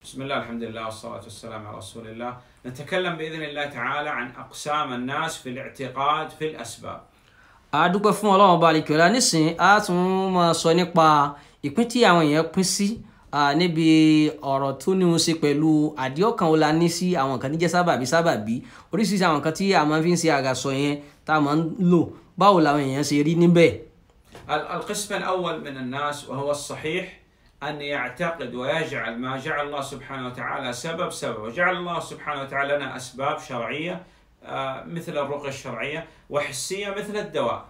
بسم الله الحمد لله والصلاة والسلام على رسول الله نتكلم بإذن الله تعالى عن أقسام الناس في الاعتقاد في الأسباب a dúpẹ́ fún ọlọ́run ọba àlekèọ́lá nísìn á tún máa sọ nípa ìpín tí àwọn èèyàn pín sí níbi ọ̀rọ̀ tó ní ṣe pẹ̀lú àdíọ́kàn ó la ní sí àwọn nǹkan níjẹ́ sábàbí sábàbí oríṣiríṣi àwọn nǹkan tí a máa fi ń ṣe àgàsọ yẹn tá a máa ń lò báwo làwọn èèyàn ṣe rí níbẹ̀. القسم الأول من الناس وهو الصحيح أن يعتقد ويجعل ما جعل الله سبحانه وتعالى سبب سبب وجعل الله سبحانه وتعالى لنا أسباب شرعية مثل الرقى الشرعية وحسية مثل الدواء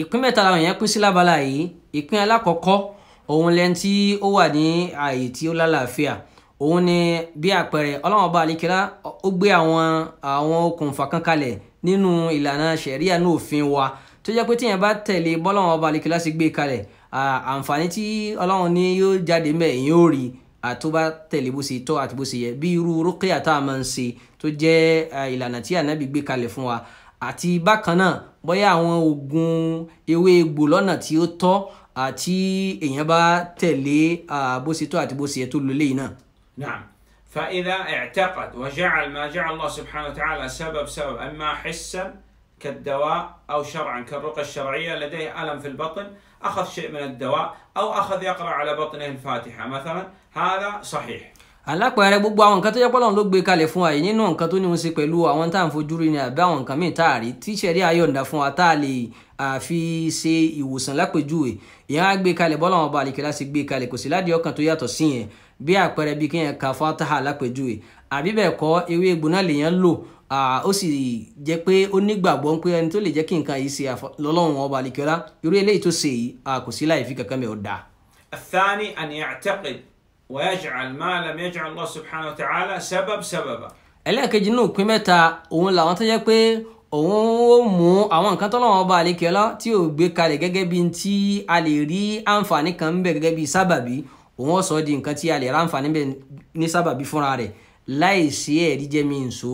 ìpín mẹ́ta làwọn èèyàn pín sí lábala yìí ìpín alákọ̀ọ́kọ́ òun lẹ́ni tí ó wà ní ààyè tí ó lálàáfíà òun ni bí àpẹẹrẹ ọlọ́run ọba àlekèrà ó gbé àwọn àwọn okùnfà kan kalẹ̀ nínú ìlànà ṣẹ̀ríà ní òfin wa tó jẹ́ pé tíyẹn bá tẹ̀lé bọ́lọ́run ọba àlekèrà sì gbé kalẹ̀ àǹfààní tí ọlọ́run ní yóò jáde mbẹ́ èyí ó rí àtúbà tẹ̀lé bó ṣe tọ́ àti bó ṣe yẹ bí irú rúkìá tá a máa ń ṣe tó jẹ́ ìlànà tí ànábì gbé kalẹ̀ fún wa àti bákan náà bóyá àwọn oògùn ewé egbò lọ́nà tí ó tọ́ àti èèyàn bá tẹ̀lé bó ṣe tọ́ àti bó ṣe yẹ tó lò léyìn náà. Naam. فإذا اعتقد وجعل ما جعل الله سبحانه وتعالى سبب سبب أما حسا كالدواء أو شرعا كالرقى الشرعية لديه ألم في البطن أخذ شيء من الدواء أو أخذ يقرأ على بطنه الفاتحة مثلا هذا صحيح alápẹ̀rẹ̀ gbogbo àwọn nǹkan tó jẹ́ pọ́lọ́run ló gbé kalẹ̀ fún wa yìí nínú nǹkan tó ní wọn ṣe pẹ̀lú àwọn tá à ń fojú rí ni àbí àwọn nǹkan míì tá a rí tíṣẹ̀rí ayọ̀ǹda fún wa tá a lè àfi ṣe ìwòsàn lápèjúwe ìyẹn á gbé kalẹ̀ bọ́lọ́run ọba àlìkẹ́lá sì gbé kalẹ̀ kò sí ládìí ọkàn tó yàtọ̀ sí yẹn bí àpẹẹrẹ bí kéèyàn ka fataha lápèjúwe àbí bẹ́ẹ̀ kọ́ ewé egbò náà lèèyàn lò ó sì jẹ́ pé ó nígbàgbọ́ pé ẹni tó lè jẹ́ kí nǹkan yìí ṣe lọ́lọ́run ọba àlìkẹ́lá irú eléyìí tó ṣe yìí kò sí láì fi kankan mẹ́ ọ̀ dáa. الثاني أن يعتقد ويجعل ما لم يجعل الله سبحانه وتعالى سبب سببا ẹlẹ́ẹ̀kejì nínú ìpín mẹ́ta òun làwọn tó jẹ́ pé òun ó mú àwọn nǹkan tọ́lọ́wọ́n ọba àlékẹ́lá tí ò gbé kalẹ̀ gẹ́gẹ́ bí tí a lè rí àǹfààní kan ń bẹ gẹ́gẹ́ bí sábàbí òun ó sọ di nǹkan tí a lè ra àǹfààní bẹ̀ ní sábàbí fúnra rẹ̀ láì sí ẹ̀rí jẹ́ mi nso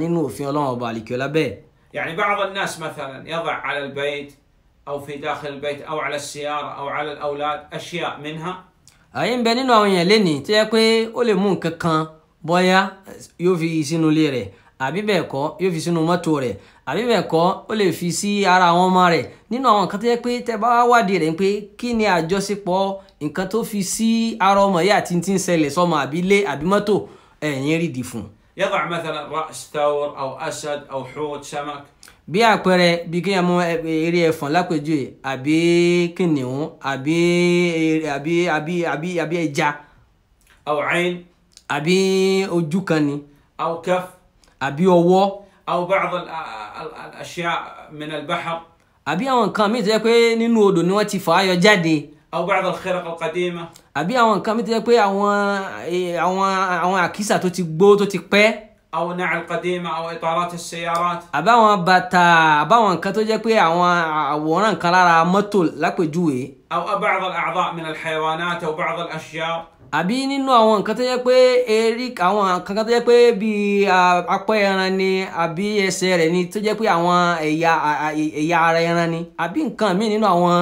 nínú òfin ọlọ́wọ́n ọba àlékẹ́lá bẹ́ẹ̀. يعني بعض الناس مثلا يضع على البيت أو في داخل البيت أو على السيارة أو على الأولاد أشياء منها àyè ń bẹ nínú àwọn èèyàn lénìí tó yẹ pé ó lè mú nǹkan kan bọ́yá yóò fi sínú ilé rẹ̀ àbí bẹ́ẹ̀ kọ́ yóò fi sínú mọ́tò rẹ̀ àbí bẹ́ẹ̀ kọ́ ó lè fi sí ara àwọn ọmọ rẹ̀ nínú àwọn nǹkan tó yẹ pé tẹ bá wádìí rẹ̀ pé kí ni àjọṣepọ̀ nǹkan tó fi sí ara ọmọ yìí àti ti ń ṣẹlẹ̀ sọmọ àbí ilé àbí mọ́tò ẹ̀yìn rídìí fún un يضع مثلا راس ثور او اسد او حوت سمك bí àpẹẹrẹ bí kéèyàn mú eré ẹfọ̀n lápèjúwe àbí kìnìún àbí àbí àbí àbí àbí ẹja. aw ayn. àbí ojú kan ni. aw kaf. àbí ọwọ́. aw ba'd al-ashya' min al-bahr. àbí àwọn nǹkan míì tó yẹ pé nínú odò ni wọ́n ti fà á yọ jáde. aw ba'd al-khiraq àbí àwọn nǹkan mi ti jẹ́ pé àwọn eh, àwọn àwọn àkísà tó ti gbó tó ti pẹ́. أو نعل قديمة أو إطارات السيارات. àbí àwọn bàtà àbí àwọn nǹkan tó jẹ́ pé àwọn àwòrán kan lára mọ́tò lápèjúwe. أو بعض الأعضاء من الحيوانات أو بعض الأشجار àbí nínú àwọn nǹkan tó yẹ pé erí àwọn nǹkan tó yẹ pé bíi apá ẹran ni àbí ẹsẹ̀ rẹ̀ ni tó jẹ́ pé àwọn ẹ̀yà ara ẹran ni àbí nǹkan míì nínú àwọn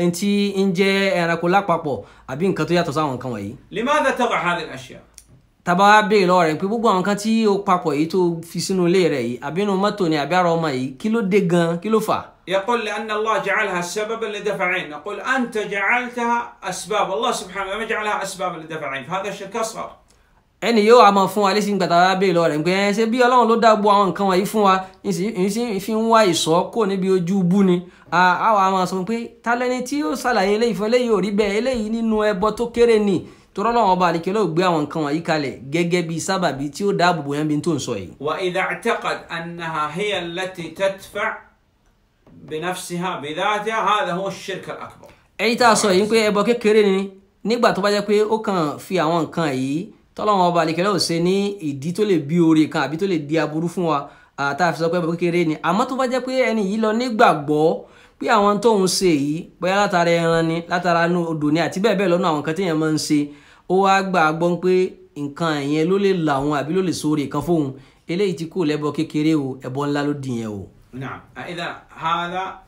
ẹni tí ń jẹ́ ẹranko lápapọ̀ àbí nǹkan tó yàtọ̀ sáwọn nǹkan wọ̀nyí. limadha taqa hadhihi al-ashya. tábà béèrè lọ́wọ́ rẹ̀ pé gbogbo àwọn nǹkan tí ó papọ̀ yìí tó fi sínú ilé rẹ̀ yìí àbí inú mọ́tò ni àbí ara ọmọ yìí kí ló dé gan kí ló fà يقول لأن الله جعلها سببا لدفعين نقول أنت جعلتها أسباب الله سبحانه لم يجعلها أسبابا لدفعين فهذا الشرك أصغر ẹni yóò àmọ fún wa lẹsìn gbàtà wa béèrè lọrẹ pé ẹ ṣe bí Ọlọ́run ló dá gbogbo àwọn nǹkan wọ̀nyí fún wa ìsìn fi ń wá ìsọ kó níbi ojú bú ni àwa àmọ sọ pé talẹni tí yóò ṣàlàyé eléyìí fún eléyìí ò rí bẹ́ẹ̀ eléyìí nínú ẹbọ tó kéré ni torọ́ lọ́wọ́ ọba àlekè ló gbé àwọn nǹkan wọ̀nyí kalẹ̀ gẹ́gẹ́ bí sábàbí tí ó dáàbò bò yẹn tó ń sọ yìí. wa idha i'taqad annaha بنفسها بذاتها هذا هو الشرك الأكبر ẹni tá a sọ كريني، ń pé ẹbọ kékeré ni nígbà tó bá jẹ́ pé ó kàn fi àwọn nǹkan yìí tọ́lọ́wọ́n ọba àlekẹ́lẹ́ ò ṣe ní ìdí tó lè bí oore kan àbí tó lè di aburú fún wa tá a fi sọ pé ẹbọ kékeré ni àmọ́ tó bá jẹ́ pé ẹni yìí lọ nígbàgbọ́ pé àwọn tóun ṣe yìí bóyá látara ẹran ni látara inú odò ni àti bẹ́ẹ̀ bẹ́ẹ̀ lọ́nà àwọn nǹkan téèyàn máa ń ṣe ó wá gbà gbọ́ pé nǹkan yẹn ló lè làwọn àbí ló lè ṣoore kan fóun eléyìí ti kú lẹ́bọ kékeré o ẹbọ ńlá ló dìyẹn o. نعم إذا هذا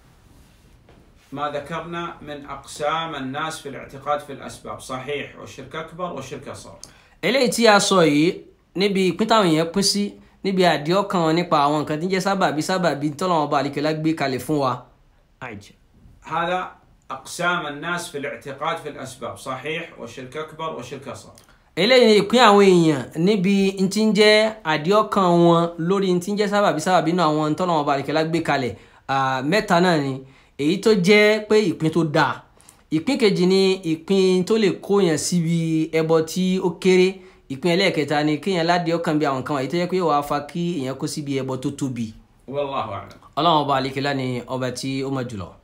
ما ذكرنا من أقسام الناس في الاعتقاد في الأسباب صحيح وشرك أكبر وشرك أصغر إلي tí a نبي كنتاوين níbi نبي أديو كان pín sí níbi àdí سبابي سبابي nípa àwọn كلاك بي ń jẹ́ هذا أقسام الناس في الاعتقاد في الأسباب صحيح وشرك أكبر وشرك أصغر. eléyìí ni ìpín àwọn èèyàn níbi ntí ń jẹ́ àdíọ́kàn wọn lórí ntí ń jẹ́ sábàbí sábàbí náà àwọn ntọ́nà wọn balẹ̀kẹ́lá gbé kalẹ̀ mẹ́ta náà ni èyí tó jẹ́ pé ìpín tó dáa ìpín kejì ni ìpín tó lè kó yẹn síbi ẹbọ tí ó kéré ìpín ẹlẹ́ẹ̀kẹta ni kéèyàn ládìọ́kàn bí àwọn nǹkan wọ̀nyí tó jẹ́ pé wàá fa kí èèyàn kó síbi ẹbọ tó tóbi ọlọ́run ọba àlekèlá ni ọba tí ó mọ̀ jùlọ.